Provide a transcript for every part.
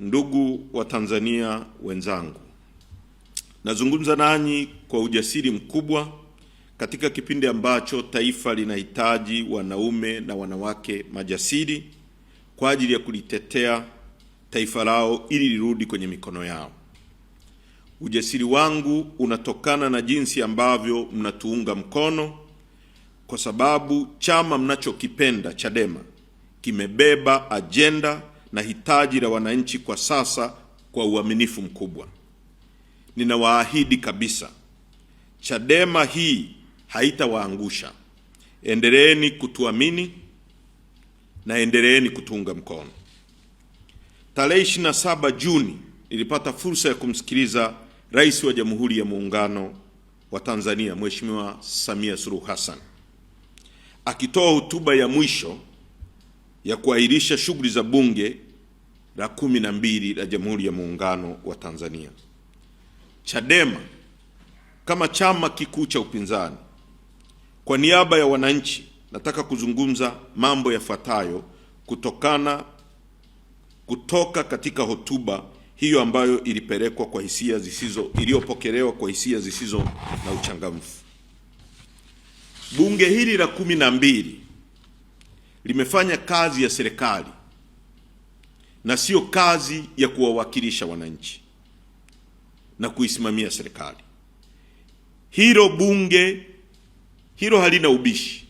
Ndugu wa Tanzania wenzangu, nazungumza nanyi kwa ujasiri mkubwa katika kipindi ambacho taifa linahitaji wanaume na wanawake majasiri kwa ajili ya kulitetea taifa lao ili lirudi kwenye mikono yao. Ujasiri wangu unatokana na jinsi ambavyo mnatuunga mkono, kwa sababu chama mnachokipenda Chadema kimebeba ajenda na hitaji la wananchi kwa sasa kwa uaminifu mkubwa. Ninawaahidi kabisa, Chadema hii haitawaangusha. Endeleeni kutuamini na endeleeni kutuunga mkono. Tarehe 27 Juni nilipata fursa ya kumsikiliza Rais wa Jamhuri ya Muungano wa Tanzania Mheshimiwa Samia Suluhu Hassan akitoa hotuba ya mwisho ya kuahirisha shughuli za Bunge la kumi na mbili la Jamhuri ya Muungano wa Tanzania. Chadema kama chama kikuu cha upinzani, kwa niaba ya wananchi, nataka kuzungumza mambo yafuatayo kutokana kutoka katika hotuba hiyo ambayo ilipelekwa kwa hisia zisizo iliyopokelewa kwa hisia zisizo na uchangamfu. Bunge hili la kumi na mbili limefanya kazi ya serikali na sio kazi ya kuwawakilisha wananchi na kuisimamia serikali. Hilo bunge hilo halina ubishi.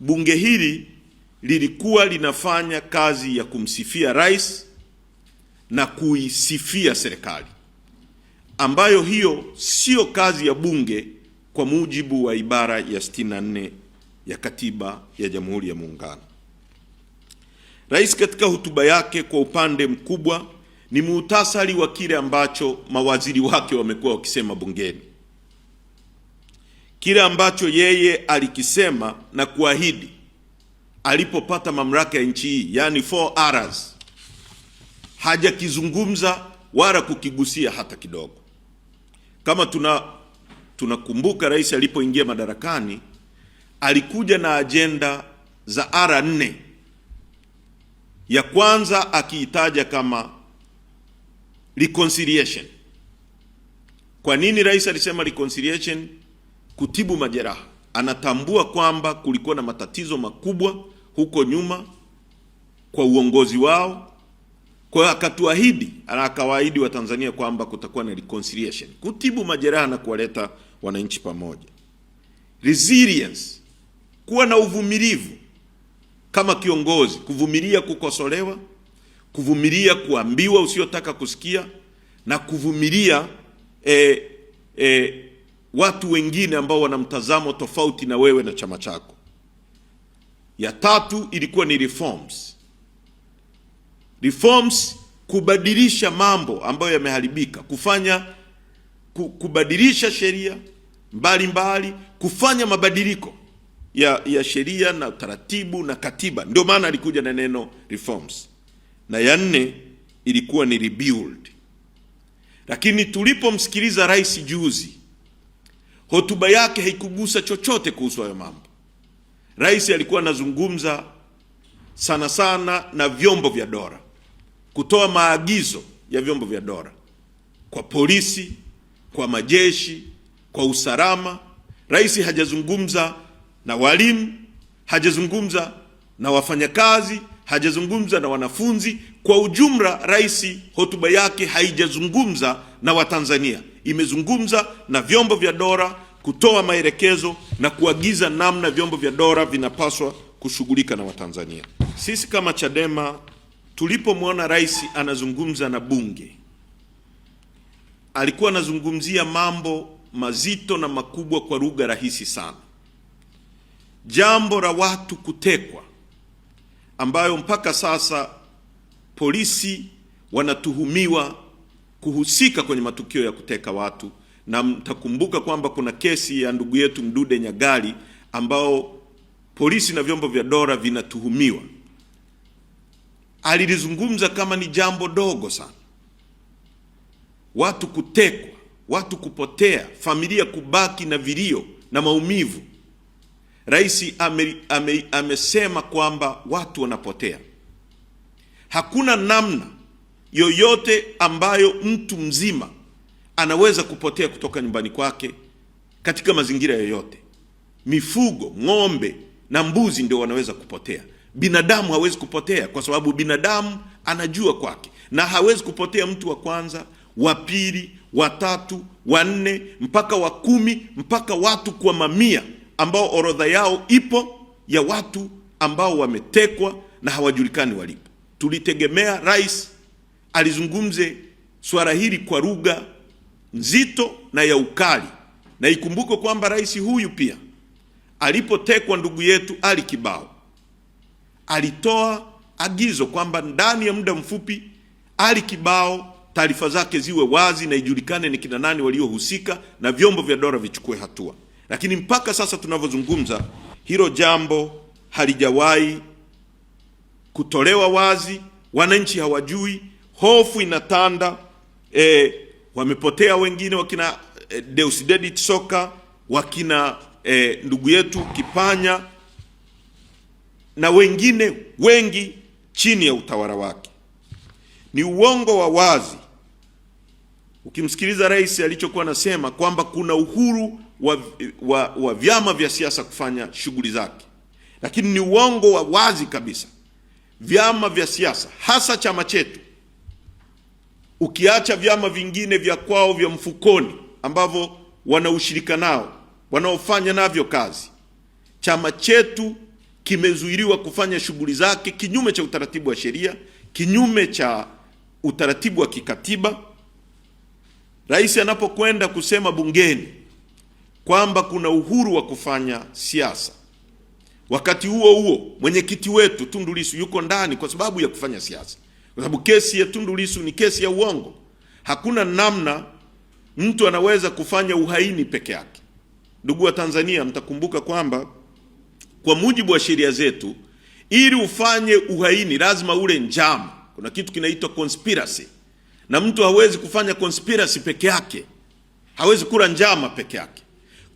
Bunge hili lilikuwa linafanya kazi ya kumsifia rais na kuisifia serikali, ambayo hiyo sio kazi ya bunge kwa mujibu wa ibara ya 64 ya katiba ya Jamhuri ya Muungano. Rais katika hotuba yake kwa upande mkubwa ni muhtasari wa kile ambacho mawaziri wake wamekuwa wakisema bungeni, kile ambacho yeye alikisema na kuahidi alipopata mamlaka ya nchi hii, yaani 4Rs hajakizungumza wala kukigusia hata kidogo. Kama tuna tunakumbuka, rais alipoingia madarakani alikuja na ajenda za R nne ya kwanza akiitaja kama reconciliation. Kwa nini rais alisema reconciliation? Kutibu majeraha. Anatambua kwamba kulikuwa na matatizo makubwa huko nyuma kwa uongozi wao, kwa hiyo akatuahidi na akawaahidi Watanzania kwamba kutakuwa na reconciliation, kutibu majeraha na kuwaleta wananchi pamoja. Resilience, kuwa na uvumilivu kama kiongozi, kuvumilia kukosolewa, kuvumilia kuambiwa usiotaka kusikia na kuvumilia eh, eh, watu wengine ambao wana mtazamo tofauti na wewe na chama chako. Ya tatu ilikuwa ni reforms. Reforms, kubadilisha mambo ambayo yameharibika, kufanya kubadilisha sheria mbalimbali, kufanya mabadiliko ya, ya sheria na taratibu na katiba. Ndio maana alikuja na neno reforms, na ya nne ilikuwa ni rebuild. Lakini tulipomsikiliza rais juzi, hotuba yake haikugusa chochote kuhusu hayo mambo. Rais alikuwa anazungumza sana sana na vyombo vya dola, kutoa maagizo ya vyombo vya dola kwa polisi, kwa majeshi, kwa usalama. Rais hajazungumza na walimu, hajazungumza na wafanyakazi, hajazungumza na wanafunzi kwa ujumla. Rais hotuba yake haijazungumza na Watanzania, imezungumza na vyombo vya dola kutoa maelekezo na kuagiza namna vyombo vya dola vinapaswa kushughulika na Watanzania. Sisi kama Chadema tulipomwona rais anazungumza na bunge, alikuwa anazungumzia mambo mazito na makubwa kwa lugha rahisi sana jambo la watu kutekwa, ambayo mpaka sasa polisi wanatuhumiwa kuhusika kwenye matukio ya kuteka watu, na mtakumbuka kwamba kuna kesi ya ndugu yetu Mdude Nyagali ambao polisi na vyombo vya dola vinatuhumiwa. Alilizungumza kama ni jambo dogo sana, watu kutekwa, watu kupotea, familia kubaki na vilio na maumivu. Rais ame, ame, amesema kwamba watu wanapotea. Hakuna namna yoyote ambayo mtu mzima anaweza kupotea kutoka nyumbani kwake katika mazingira yoyote. Mifugo, ng'ombe na mbuzi ndio wanaweza kupotea. Binadamu hawezi kupotea kwa sababu binadamu anajua kwake, na hawezi kupotea mtu wa kwanza, wa pili, wa tatu, wa nne mpaka wa kumi mpaka watu kwa mamia ambao orodha yao ipo ya watu ambao wametekwa na hawajulikani walipo. Tulitegemea rais alizungumze swala hili kwa lugha nzito na ya ukali, na ikumbukwe kwamba rais huyu pia alipotekwa ndugu yetu Ali Kibao alitoa agizo kwamba ndani ya muda mfupi Ali Kibao taarifa zake ziwe wazi na ijulikane ni kina nani waliohusika, na vyombo vya dola vichukue hatua. Lakini mpaka sasa tunavyozungumza, hilo jambo halijawahi kutolewa wazi, wananchi hawajui, hofu inatanda. E, wamepotea wengine wakina e, Deusdedit Soka wakina e, ndugu yetu Kipanya na wengine wengi chini ya utawala wake. Ni uongo wa wazi ukimsikiliza rais alichokuwa anasema kwamba kuna uhuru wa, wa, wa vyama vya siasa kufanya shughuli zake, lakini ni uongo wa wazi kabisa. Vyama vya siasa hasa chama chetu, ukiacha vyama vingine vya kwao vya mfukoni ambavyo wanaushirika nao wanaofanya navyo kazi, chama chetu kimezuiliwa kufanya shughuli zake kinyume cha utaratibu wa sheria, kinyume cha utaratibu wa kikatiba. Rais anapokwenda kusema bungeni kwamba kuna uhuru wa kufanya siasa. Wakati huo huo, mwenyekiti wetu Tundu Lissu yuko ndani kwa sababu ya kufanya siasa, kwa sababu kesi ya Tundu Lissu ni kesi ya uongo. Hakuna namna mtu anaweza kufanya uhaini peke yake. Ndugu wa Tanzania, mtakumbuka kwamba kwa mujibu wa sheria zetu, ili ufanye uhaini lazima ule njama. Kuna kitu kinaitwa conspiracy, na mtu hawezi kufanya conspiracy peke yake, hawezi kula njama peke yake.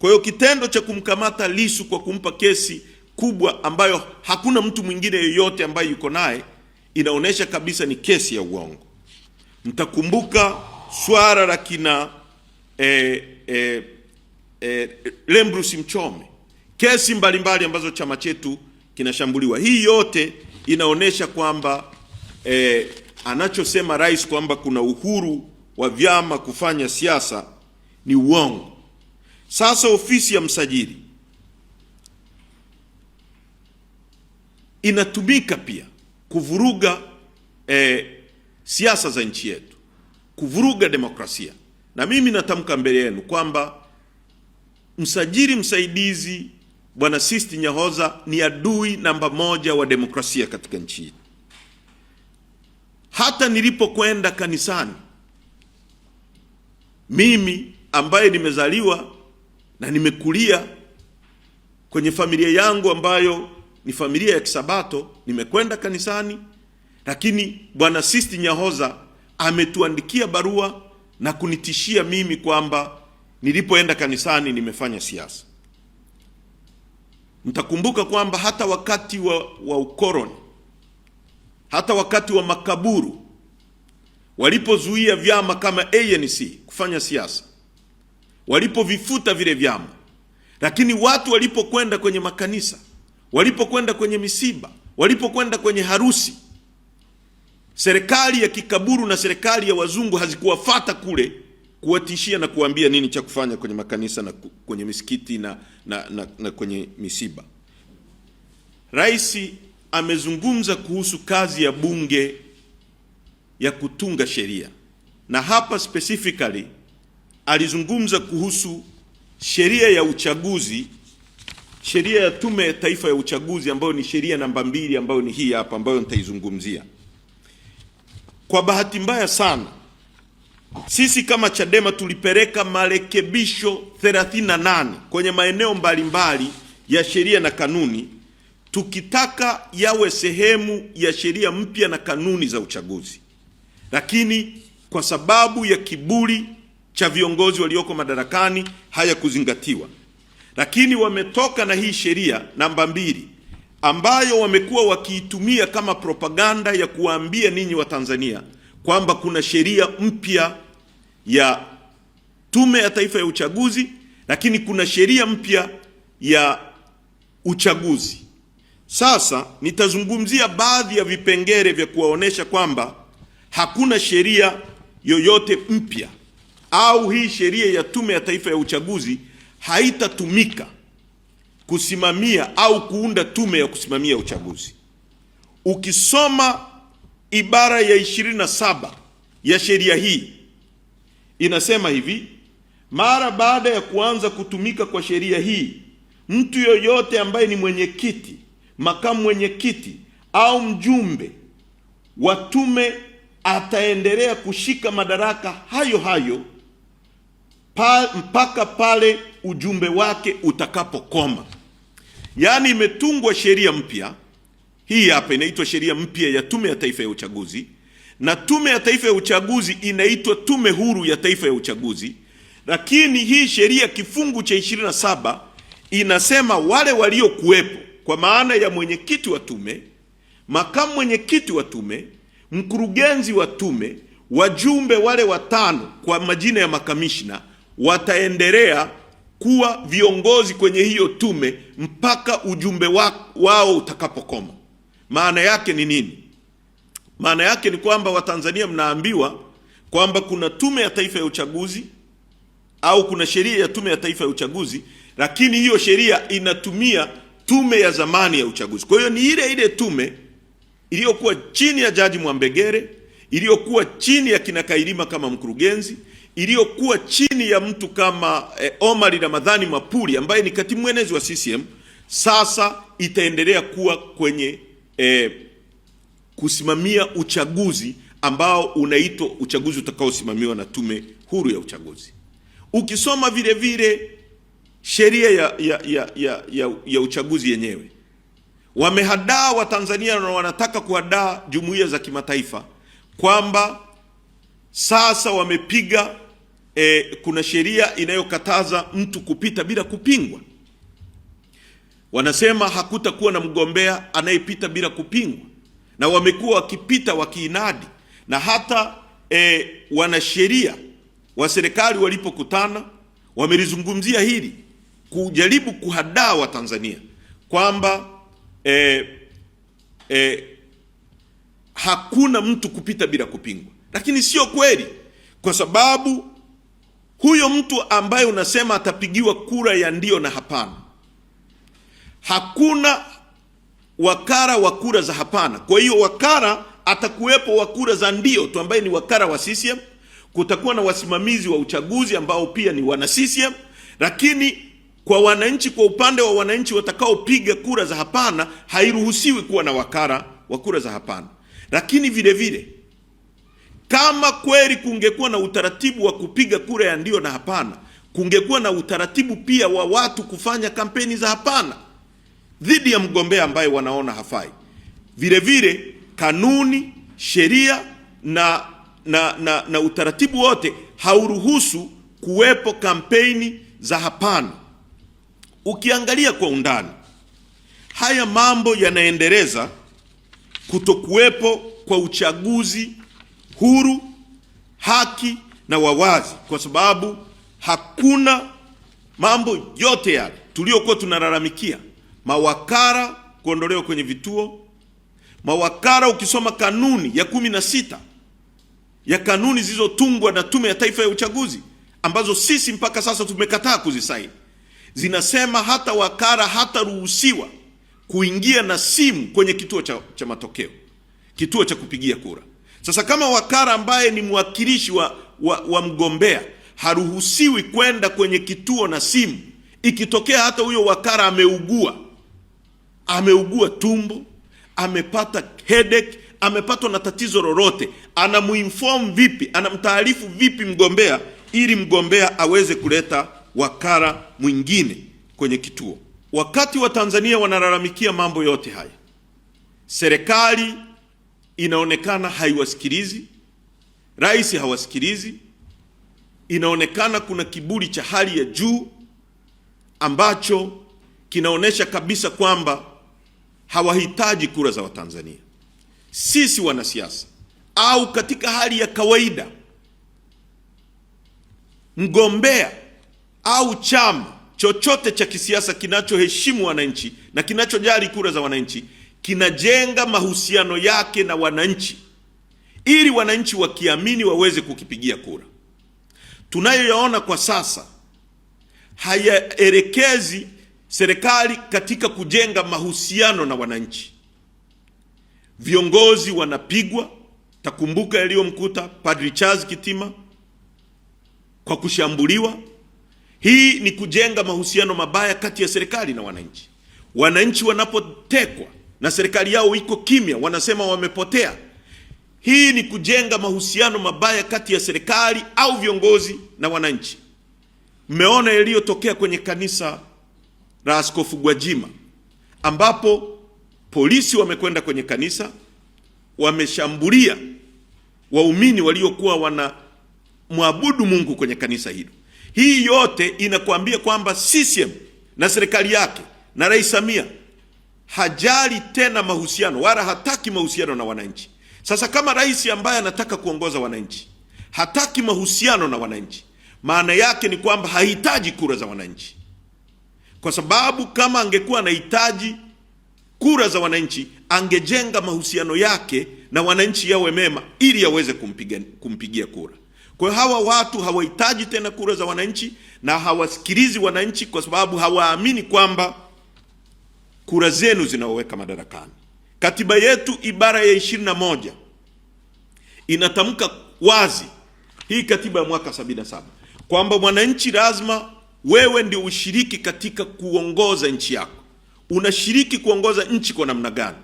Kwa hiyo kitendo cha kumkamata lisu kwa kumpa kesi kubwa ambayo hakuna mtu mwingine yeyote ambaye yuko naye inaonyesha kabisa ni kesi ya uongo. Mtakumbuka swala la kina eh, eh, eh, Lembrus Mchome, kesi mbalimbali mbali ambazo chama chetu kinashambuliwa. Hii yote inaonyesha kwamba eh, anachosema rais kwamba kuna uhuru wa vyama kufanya siasa ni uongo. Sasa ofisi ya msajili inatumika pia kuvuruga e, siasa za nchi yetu, kuvuruga demokrasia. Na mimi natamka mbele yenu kwamba msajili msaidizi Bwana Sisti Nyahoza ni adui namba moja wa demokrasia katika nchi hii. Hata nilipokwenda kanisani mimi ambaye nimezaliwa na nimekulia kwenye familia yangu ambayo ni familia ya Kisabato, nimekwenda kanisani, lakini Bwana Sisti Nyahoza ametuandikia barua na kunitishia mimi kwamba nilipoenda kanisani nimefanya siasa. Mtakumbuka kwamba hata wakati wa, wa ukoloni hata wakati wa makaburu walipozuia vyama kama ANC kufanya siasa walipovifuta vile vyama, lakini watu walipokwenda kwenye makanisa, walipokwenda kwenye misiba, walipokwenda kwenye harusi, serikali ya kikaburu na serikali ya wazungu hazikuwafata kule kuwatishia na kuambia nini cha kufanya kwenye makanisa na kwenye misikiti na, na, na, na kwenye misiba. Rais amezungumza kuhusu kazi ya bunge ya kutunga sheria na hapa specifically alizungumza kuhusu sheria ya uchaguzi, sheria ya Tume ya Taifa ya Uchaguzi ambayo ni sheria namba mbili ambayo ni hii hapa ambayo nitaizungumzia. Kwa bahati mbaya sana, sisi kama Chadema tulipeleka marekebisho 38 kwenye maeneo mbalimbali ya sheria na kanuni tukitaka yawe sehemu ya sheria mpya na kanuni za uchaguzi, lakini kwa sababu ya kiburi cha viongozi walioko madarakani hayakuzingatiwa, lakini wametoka na hii sheria namba mbili ambayo wamekuwa wakiitumia kama propaganda ya kuwaambia ninyi Watanzania kwamba kuna sheria mpya ya Tume ya Taifa ya Uchaguzi, lakini kuna sheria mpya ya uchaguzi. Sasa nitazungumzia baadhi ya vipengele vya kuwaonesha kwamba hakuna sheria yoyote mpya au hii sheria ya Tume ya Taifa ya Uchaguzi haitatumika kusimamia au kuunda tume ya kusimamia uchaguzi. Ukisoma ibara ya 27 ya sheria hii inasema hivi: mara baada ya kuanza kutumika kwa sheria hii, mtu yoyote ambaye ni mwenyekiti, makamu mwenyekiti au mjumbe wa tume ataendelea kushika madaraka hayo hayo mpaka pale ujumbe wake utakapokoma. Yaani imetungwa sheria mpya hii hapa, inaitwa sheria mpya ya Tume ya Taifa ya Uchaguzi, na Tume ya Taifa ya Uchaguzi inaitwa Tume Huru ya Taifa ya Uchaguzi. Lakini hii sheria kifungu cha 27 inasema wale waliokuwepo, kwa maana ya mwenyekiti wa tume, makamu mwenyekiti wa tume, mkurugenzi wa tume, wajumbe wale watano kwa majina ya makamishna wataendelea kuwa viongozi kwenye hiyo tume mpaka ujumbe wa, wao utakapokoma. Maana yake ni nini? Maana yake ni kwamba Watanzania mnaambiwa kwamba kuna tume ya taifa ya uchaguzi au kuna sheria ya tume ya taifa ya uchaguzi, lakini hiyo sheria inatumia tume ya zamani ya uchaguzi. Kwa hiyo ni ile ile tume iliyokuwa chini ya Jaji Mwambegere, iliyokuwa chini ya kina Kailima kama mkurugenzi iliyokuwa chini ya mtu kama eh, Omari Ramadhani Mapuri ambaye ni katibu mwenezi wa CCM sasa itaendelea kuwa kwenye eh, kusimamia uchaguzi ambao unaitwa uchaguzi utakaosimamiwa na Tume Huru ya Uchaguzi. Ukisoma vile vile sheria ya, ya, ya, ya, ya, ya uchaguzi yenyewe wamehadaa Watanzania na wanataka kuhadaa jumuiya za kimataifa kwamba sasa wamepiga e, kuna sheria inayokataza mtu kupita bila kupingwa. Wanasema hakutakuwa na mgombea anayepita bila kupingwa, na wamekuwa wakipita wakiinadi, na hata e, wanasheria wa serikali walipokutana wamelizungumzia hili kujaribu kuhadaa Watanzania kwamba e, e, hakuna mtu kupita bila kupingwa, lakini sio kweli kwa sababu huyo mtu ambaye unasema atapigiwa kura ya ndio na hapana, hakuna wakara wa kura za hapana. Kwa hiyo wakara atakuwepo wa kura za ndio tu, ambaye ni wakara wa CCM. Kutakuwa na wasimamizi wa uchaguzi ambao pia ni wana CCM, lakini kwa wananchi, kwa upande wa wananchi watakaopiga kura za hapana, hairuhusiwi kuwa na wakara wa kura za hapana, lakini vile vile kama kweli kungekuwa na utaratibu wa kupiga kura ya ndio na hapana, kungekuwa na utaratibu pia wa watu kufanya kampeni za hapana dhidi ya mgombea ambaye wanaona hafai. Vile vile kanuni, sheria na, na, na, na utaratibu wote hauruhusu kuwepo kampeni za hapana. Ukiangalia kwa undani, haya mambo yanaendeleza kutokuwepo kwa uchaguzi huru, haki na wawazi, kwa sababu hakuna mambo yote yale tuliyokuwa tunalalamikia, mawakala kuondolewa kwenye vituo, mawakala. Ukisoma kanuni ya kumi na sita ya kanuni zilizotungwa na Tume ya Taifa ya Uchaguzi ambazo sisi mpaka sasa tumekataa kuzisaini, zinasema hata wakala hataruhusiwa kuingia na simu kwenye kituo cha, cha matokeo, kituo cha kupigia kura. Sasa kama wakara ambaye ni mwakilishi wa, wa, wa mgombea haruhusiwi kwenda kwenye kituo na simu, ikitokea hata huyo wakara ameugua, ameugua tumbo, amepata headache, amepatwa na tatizo lolote, anamuinform vipi? Anamtaarifu vipi mgombea ili mgombea aweze kuleta wakara mwingine kwenye kituo? Wakati wa Tanzania wanalalamikia mambo yote haya, serikali inaonekana haiwasikilizi, rais hawasikilizi, inaonekana kuna kiburi cha hali ya juu ambacho kinaonyesha kabisa kwamba hawahitaji kura za Watanzania. Sisi wanasiasa au katika hali ya kawaida, mgombea au chama chochote cha kisiasa kinachoheshimu wananchi na kinachojali kura za wananchi kinajenga mahusiano yake na wananchi ili wananchi wakiamini waweze kukipigia kura. Tunayoyaona kwa sasa hayaelekezi serikali katika kujenga mahusiano na wananchi. Viongozi wanapigwa, takumbuka yaliyomkuta Padri Charles Kitima kwa kushambuliwa. Hii ni kujenga mahusiano mabaya kati ya serikali na wananchi. Wananchi wanapotekwa na serikali yao iko kimya, wanasema wamepotea. Hii ni kujenga mahusiano mabaya kati ya serikali au viongozi na wananchi. Mmeona yaliyotokea kwenye kanisa la Askofu Gwajima ambapo polisi wamekwenda kwenye kanisa wameshambulia waumini waliokuwa wanamwabudu Mungu kwenye kanisa hilo. Hii yote inakuambia kwamba CCM na serikali yake na Rais Samia hajali tena mahusiano wala hataki mahusiano na wananchi. Sasa kama rais ambaye anataka kuongoza wananchi hataki mahusiano na wananchi, maana yake ni kwamba hahitaji kura za wananchi, kwa sababu kama angekuwa anahitaji kura za wananchi angejenga mahusiano yake na wananchi yawe mema ili yaweze kumpiga, kumpigia kura. Kwa hiyo hawa watu hawahitaji tena kura za wananchi na hawasikilizi wananchi, kwa sababu hawaamini kwamba kura zenu zinaoweka madarakani. Katiba yetu ibara ya ishirini na moja inatamka wazi hii katiba ya mwaka sabini na saba kwamba mwananchi lazima wewe ndio ushiriki katika kuongoza nchi yako. Unashiriki kuongoza nchi kwa namna gani?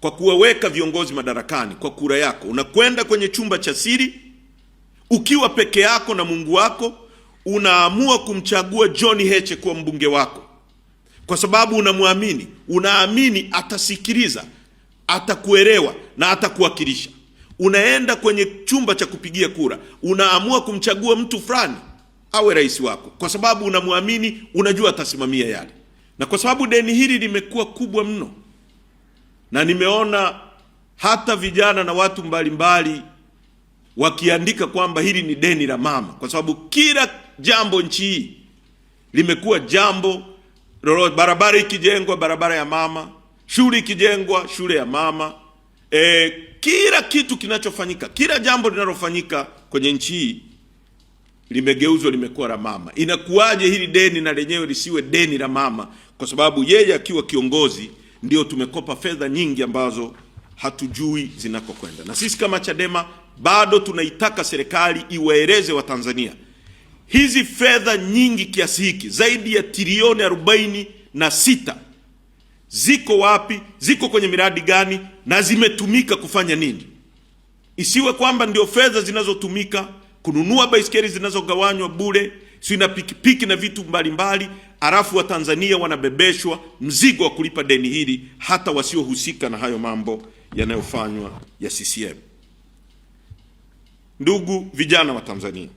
Kwa kuwaweka viongozi madarakani kwa kura yako. Unakwenda kwenye chumba cha siri ukiwa peke yako na Mungu wako, unaamua kumchagua John Heche kuwa mbunge wako kwa sababu unamwamini, unaamini atasikiliza, atakuelewa na atakuwakilisha. Unaenda kwenye chumba cha kupigia kura, unaamua kumchagua mtu fulani awe rais wako kwa sababu unamwamini, unajua atasimamia yale. Na kwa sababu deni hili limekuwa kubwa mno, na nimeona hata vijana na watu mbalimbali wakiandika kwamba hili ni deni la mama, kwa sababu kila jambo nchi hii limekuwa jambo lolote. Barabara ikijengwa, barabara ya mama, shule ikijengwa, shule ya mama. E, kila kitu kinachofanyika, kila jambo linalofanyika kwenye nchi hii limegeuzwa, limekuwa la mama. Inakuwaje hili deni na lenyewe lisiwe deni la mama? Kwa sababu yeye akiwa kiongozi ndio tumekopa fedha nyingi ambazo hatujui zinakokwenda, na sisi kama Chadema bado tunaitaka serikali iwaeleze Watanzania hizi fedha nyingi kiasi hiki zaidi ya trilioni arobaini na sita ziko wapi? Ziko kwenye miradi gani na zimetumika kufanya nini? Isiwe kwamba ndio fedha zinazotumika kununua baisikeli zinazogawanywa bure, si na pikipiki na vitu mbalimbali, alafu Watanzania wanabebeshwa mzigo wa kulipa deni hili, hata wasiohusika na hayo mambo yanayofanywa ya CCM. Ndugu vijana wa Tanzania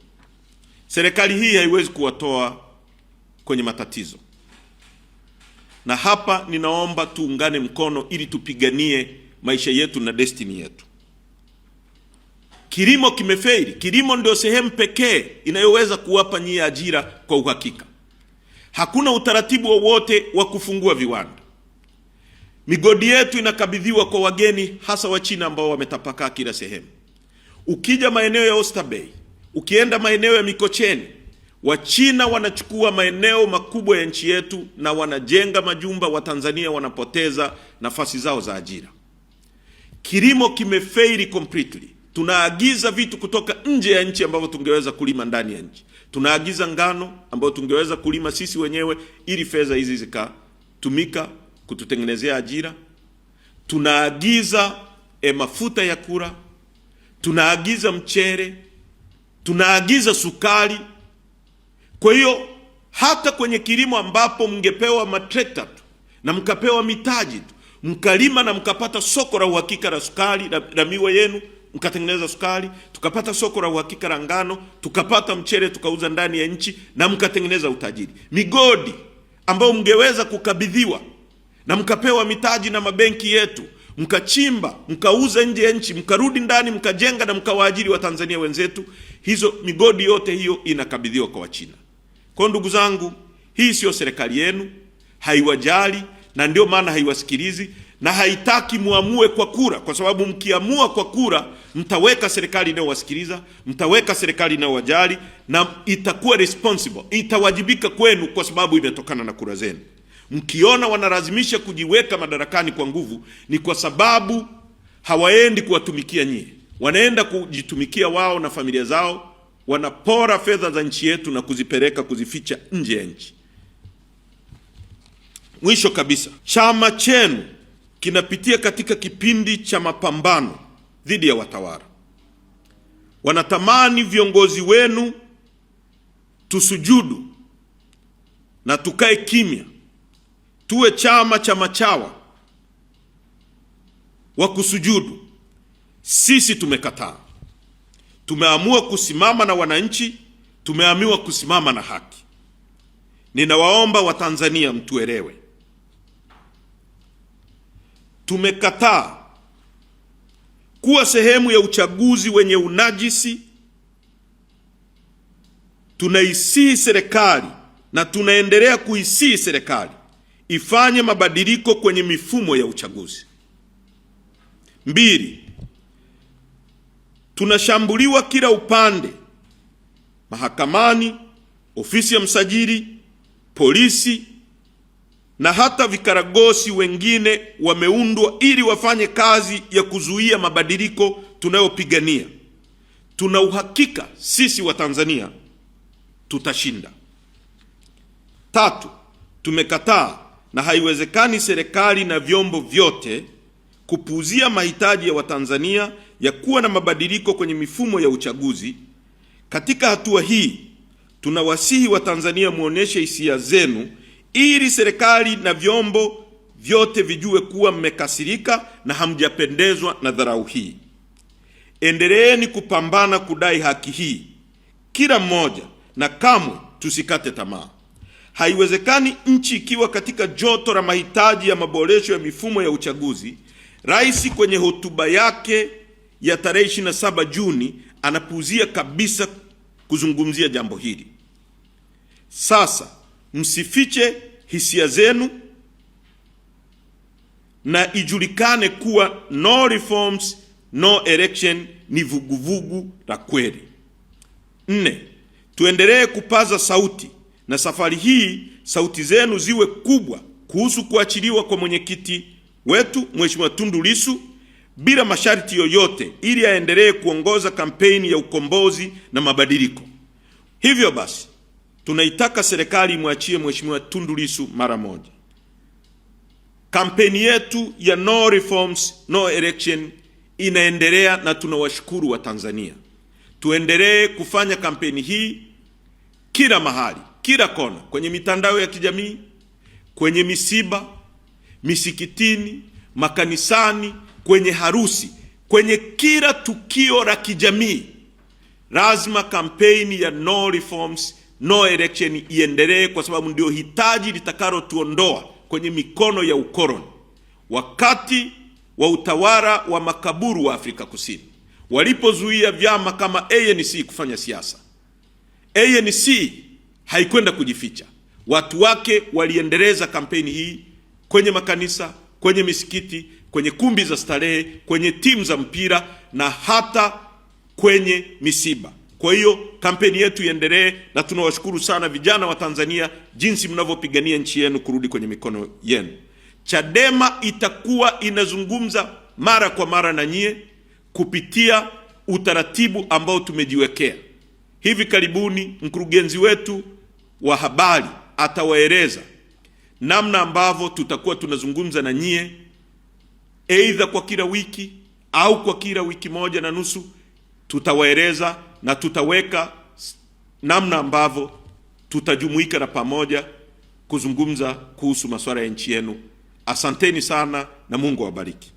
Serikali hii haiwezi kuwatoa kwenye matatizo, na hapa ninaomba tuungane mkono ili tupiganie maisha yetu na destiny yetu. Kilimo kimefeli. Kilimo ndio sehemu pekee inayoweza kuwapa nyie ajira kwa uhakika. Hakuna utaratibu wowote wa, wa kufungua viwanda. Migodi yetu inakabidhiwa kwa wageni, hasa Wachina ambao wametapakaa kila sehemu. Ukija maeneo ya Oyster Bay Ukienda maeneo ya Mikocheni, Wachina wanachukua maeneo makubwa ya nchi yetu na wanajenga majumba, Watanzania wanapoteza nafasi zao za ajira. Kilimo kimefeili completely. Tunaagiza vitu kutoka nje ya nchi ambavyo tungeweza kulima ndani ya nchi. Tunaagiza ngano ambayo tungeweza kulima sisi wenyewe ili fedha hizi zikatumika kututengenezea ajira. Tunaagiza e, mafuta ya kura, tunaagiza mchere tunaagiza sukari. Kwa hiyo hata kwenye kilimo ambapo mngepewa matrekta tu na mkapewa mitaji tu mkalima na mkapata soko la uhakika la sukari la miwa yenu mkatengeneza sukari, tukapata soko la uhakika la ngano, tukapata mchele, tukauza ndani ya nchi na mkatengeneza utajiri. Migodi ambayo mngeweza kukabidhiwa na mkapewa mitaji na mabenki yetu mkachimba mkauza nje ya nchi mkarudi ndani mkajenga na mkawaajiri wa tanzania wenzetu, hizo migodi yote hiyo inakabidhiwa kwa Wachina. Kwa ndugu zangu, hii siyo serikali yenu, haiwajali na ndio maana haiwasikilizi na haitaki muamue kwa kura, kwa sababu mkiamua kwa kura mtaweka serikali inayowasikiliza, mtaweka serikali inayowajali na itakuwa responsible, itawajibika kwenu kwa sababu imetokana na kura zenu mkiona wanalazimisha kujiweka madarakani kwa nguvu, ni kwa sababu hawaendi kuwatumikia nyie, wanaenda kujitumikia wao na familia zao. Wanapora fedha za nchi yetu na kuzipeleka kuzificha nje ya nchi. Mwisho kabisa, chama chenu kinapitia katika kipindi cha mapambano dhidi ya watawala. Wanatamani viongozi wenu tusujudu na tukae kimya tuwe chama cha machawa wa kusujudu. Sisi tumekataa, tumeamua kusimama na wananchi, tumeamua kusimama na haki. Ninawaomba Watanzania mtuelewe, tumekataa kuwa sehemu ya uchaguzi wenye unajisi. tunaisihi serikali na tunaendelea kuisihi serikali ifanye mabadiliko kwenye mifumo ya uchaguzi. Mbili, tunashambuliwa kila upande, mahakamani, ofisi ya msajili, polisi na hata vikaragosi wengine wameundwa ili wafanye kazi ya kuzuia mabadiliko tunayopigania. Tuna uhakika sisi tanzania tutashinda. Tatu, tumekataa na haiwezekani serikali na vyombo vyote kupuuzia mahitaji ya Watanzania ya kuwa na mabadiliko kwenye mifumo ya uchaguzi. Katika hatua hii, tunawasihi Watanzania muoneshe hisia zenu ili serikali na vyombo vyote vijue kuwa mmekasirika na hamjapendezwa na dharau hii. Endeleeni kupambana kudai haki hii, kila mmoja, na kamwe tusikate tamaa. Haiwezekani nchi ikiwa katika joto la mahitaji ya maboresho ya mifumo ya uchaguzi, rais kwenye hotuba yake ya tarehe 27 Juni anapuuzia kabisa kuzungumzia jambo hili. Sasa msifiche hisia zenu na ijulikane kuwa no reforms no election ni vuguvugu la kweli. Nne, tuendelee kupaza sauti na safari hii sauti zenu ziwe kubwa kuhusu kuachiliwa kwa mwenyekiti wetu Mheshimiwa Tundu Lissu bila masharti yoyote, ili aendelee kuongoza kampeni ya ukombozi na mabadiliko. Hivyo basi, tunaitaka serikali imwachie Mheshimiwa Tundu Lissu mara moja. Kampeni yetu ya no reforms, no election inaendelea na tunawashukuru Watanzania. Tuendelee kufanya kampeni hii kila mahali kila kona, kwenye mitandao ya kijamii, kwenye misiba, misikitini, makanisani, kwenye harusi, kwenye kila tukio la kijamii, lazima kampeni ya no reforms no election iendelee, kwa sababu ndio hitaji litakalotuondoa kwenye mikono ya ukoloni. Wakati wa utawala wa makaburu wa Afrika Kusini walipozuia vyama kama ANC kufanya siasa, ANC haikwenda kujificha. Watu wake waliendeleza kampeni hii kwenye makanisa, kwenye misikiti, kwenye kumbi za starehe, kwenye timu za mpira na hata kwenye misiba. Kwa hiyo kampeni yetu iendelee, na tunawashukuru sana vijana wa Tanzania jinsi mnavyopigania nchi yenu kurudi kwenye mikono yenu. Chadema itakuwa inazungumza mara kwa mara na nyie kupitia utaratibu ambao tumejiwekea. Hivi karibuni mkurugenzi wetu wa habari atawaeleza namna ambavyo tutakuwa tunazungumza na nyie, aidha kwa kila wiki au kwa kila wiki moja na nusu. Tutawaeleza na tutaweka namna ambavyo tutajumuika na pamoja kuzungumza kuhusu masuala ya nchi yenu. Asanteni sana na Mungu awabariki.